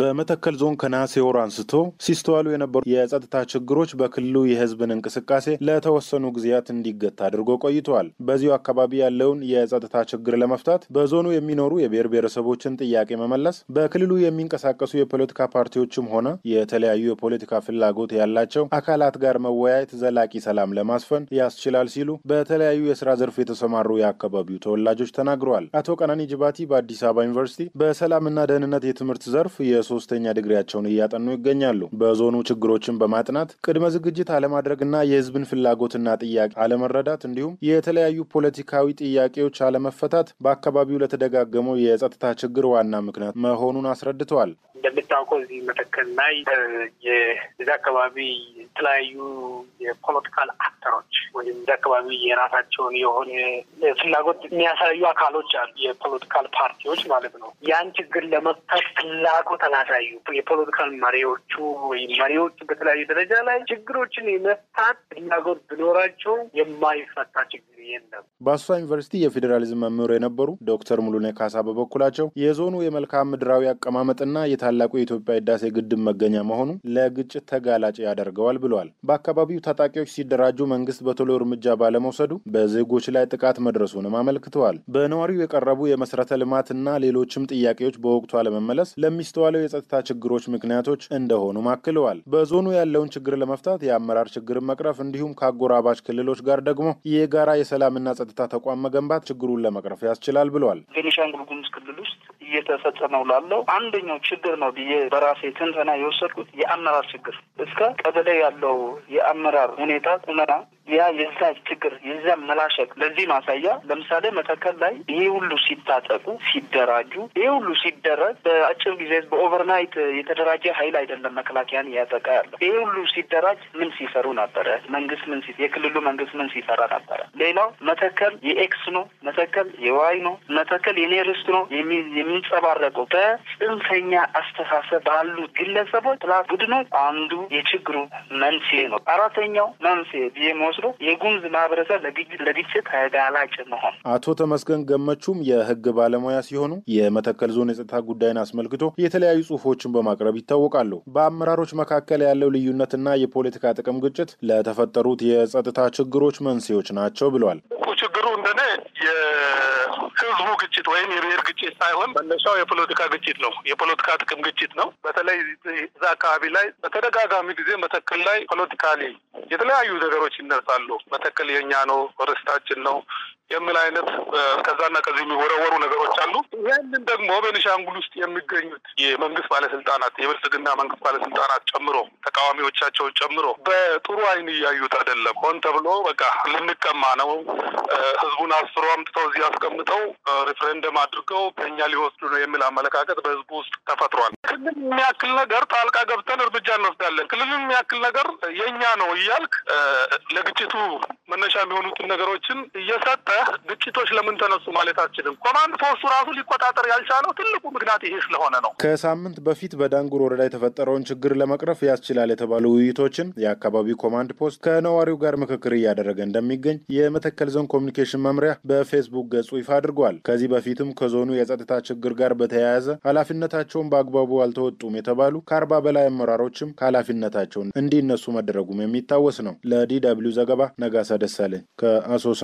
በመተከል ዞን ከነሐሴ ወር አንስቶ ሲስተዋሉ የነበሩ የጸጥታ ችግሮች በክልሉ የህዝብን እንቅስቃሴ ለተወሰኑ ጊዜያት እንዲገታ አድርጎ ቆይተዋል። በዚሁ አካባቢ ያለውን የጸጥታ ችግር ለመፍታት በዞኑ የሚኖሩ የብሔር ብሔረሰቦችን ጥያቄ መመለስ፣ በክልሉ የሚንቀሳቀሱ የፖለቲካ ፓርቲዎችም ሆነ የተለያዩ የፖለቲካ ፍላጎት ያላቸው አካላት ጋር መወያየት ዘላቂ ሰላም ለማስፈን ያስችላል ሲሉ በተለያዩ የስራ ዘርፍ የተሰማሩ የአካባቢው ተወላጆች ተናግረዋል። አቶ ቀናኒ ጅባቲ በአዲስ አበባ ዩኒቨርሲቲ በሰላምና ደህንነት የትምህርት ዘርፍ የሶስተኛ ድግሪያቸውን እያጠኑ ይገኛሉ። በዞኑ ችግሮችን በማጥናት ቅድመ ዝግጅት አለማድረግና የህዝብን ፍላጎትና ጥያቄ አለመረዳት እንዲሁም የተለያዩ ፖለቲካዊ ጥያቄዎች አለመፈታት በአካባቢው ለተደጋገመው የጸጥታ ችግር ዋና ምክንያት መሆኑን አስረድተዋል። እንደምታውቀው እዚህ መተከል ላይ የዚ አካባቢ የተለያዩ የፖለቲካል ወደዚህ አካባቢ የራሳቸውን የሆነ ፍላጎት የሚያሳዩ አካሎች አሉ፣ የፖለቲካል ፓርቲዎች ማለት ነው። ያን ችግር ለመፍታት ፍላጎት አላሳዩ የፖለቲካል መሪዎቹ ወይም መሪዎቹ በተለያዩ ደረጃ ላይ ችግሮችን የመፍታት ፍላጎት ቢኖራቸው የማይፈታ ችግር የለም። በአሶሳ ዩኒቨርሲቲ የፌዴራሊዝም መምህር የነበሩ ዶክተር ሙሉኔ ካሳ በበኩላቸው የዞኑ የመልክዓ ምድራዊ አቀማመጥና የታላቁ የኢትዮጵያ ህዳሴ ግድብ መገኛ መሆኑ ለግጭት ተጋላጭ ያደርገዋል ብለዋል። በአካባቢው ታጣቂዎች ሲደራጁ መንግስት በቶሎ ያለው እርምጃ ባለመውሰዱ በዜጎች ላይ ጥቃት መድረሱንም አመልክተዋል። በነዋሪው የቀረቡ የመሰረተ ልማትና ሌሎችም ጥያቄዎች በወቅቱ አለመመለስ ለሚስተዋለው የጸጥታ ችግሮች ምክንያቶች እንደሆኑም አክለዋል። በዞኑ ያለውን ችግር ለመፍታት የአመራር ችግርን መቅረፍ እንዲሁም ከአጎራባች ክልሎች ጋር ደግሞ የጋራ የሰላምና ጸጥታ ተቋም መገንባት ችግሩን ለመቅረፍ ያስችላል ብለዋል። ቤኒሻንጉል ጉሙዝ ክልል ውስጥ እየተፈጸመው ላለው አንደኛው ችግር ነው ብዬ በራሴ ትንተና የወሰድኩት የአመራር ችግር እስከ ቀበሌ ያለው የአመራር ሁኔታ ቁመና ያ የዛ ችግር የዛ መላሸቅ። ለዚህ ማሳያ ለምሳሌ መተከል ላይ ይሄ ሁሉ ሲታጠቁ ሲደራጁ፣ ይሄ ሁሉ ሲደረግ በአጭር ጊዜ በኦቨርናይት የተደራጀ ኃይል አይደለም መከላከያን እያጠቃ ያለው። ይሄ ሁሉ ሲደራጅ ምን ሲሰሩ ነበረ? መንግስት ምን የክልሉ መንግስት ምን ሲሰራ ነበረ? ሌላው መተከል የኤክስ ነው፣ መተከል የዋይ ነው፣ መተከል የኔርስት ነው የሚንጸባረቀው በጽንፈኛ አስተሳሰብ ባሉ ግለሰቦች ቡድኖች አንዱ የችግሩ መንስኤ ነው። አራተኛው መንስኤ ወስዶ የጉምዝ ማህበረሰብ ለግጭት ተጋላጭ መሆን። አቶ ተመስገን ገመቹም የህግ ባለሙያ ሲሆኑ የመተከል ዞን የጸጥታ ጉዳይን አስመልክቶ የተለያዩ ጽሁፎችን በማቅረብ ይታወቃሉ። በአመራሮች መካከል ያለው ልዩነትና የፖለቲካ ጥቅም ግጭት ለተፈጠሩት የጸጥታ ችግሮች መንስኤዎች ናቸው ብለዋል። ችግሩ እንደኔ የህዝቡ ግጭት ወይም የብሔር ግጭት ሳይሆን መነሻው የፖለቲካ ግጭት ነው። የፖለቲካ ጥቅም ግጭት ነው። በተለይ እዛ አካባቢ ላይ በተደጋጋሚ ጊዜ መተከል ላይ ፖለቲካሊ የተለያዩ ነገሮች ይነሳሉ። መተከል የኛ ነው፣ ርስታችን ነው፣ የሚል አይነት ከዛና ከዚህ የሚወረወሩ ነገሮች አሉ። ይህንን ደግሞ ቤኒሻንጉል ውስጥ የሚገኙት የመንግስት ባለስልጣናት የብልጽግና መንግስት ባለስልጣናት ጨምሮ ተቃዋሚዎቻቸውን ጨምሮ በጥሩ አይን እያዩት አይደለም። ሆን ተብሎ በቃ ልንቀማ ነው፣ ህዝቡን አስፍሮ አምጥተው እዚህ አስቀምጠው ሪፍሬንደም አድርገው ከኛ ሊወስዱ ነው የሚል አመለካከት በህዝቡ ውስጥ ተፈጥሯል። ክልል የሚያክል ነገር ጣልቃ ገብተን እርምጃ እንወስዳለን፣ ክልል የሚያክል ነገር የኛ ነው እያልክ ለግጭቱ መነሻ የሚሆኑትን ነገሮችን እየሰጠ ግጭቶች ለምን ተነሱ ማለት አችልም። ኮማንድ ፖስቱ ራሱ ሊቆጣጠር ያልቻለው ትልቁ ምክንያት ይሄ ስለሆነ ነው። ከሳምንት በፊት በዳንጉር ወረዳ የተፈጠረውን ችግር ለመቅረፍ ያስችላል የተባሉ ውይይቶችን የአካባቢው ኮማንድ ፖስት ከነዋሪው ጋር ምክክር እያደረገ እንደሚገኝ የመተከል ዞን ኮሚኒኬሽን መምሪያ በፌስቡክ ገጹ ይፋ አድርጓል። ከዚህ በፊትም ከዞኑ የጸጥታ ችግር ጋር በተያያዘ ኃላፊነታቸውን በአግባቡ አልተወጡም የተባሉ ከአርባ በላይ አመራሮችም ከኃላፊነታቸውን እንዲነሱ መደረጉም የሚታወስ ነው። ለዲ ደብልዩ ዘገባ ነጋሳ ደሳለኝ ከአሶሳ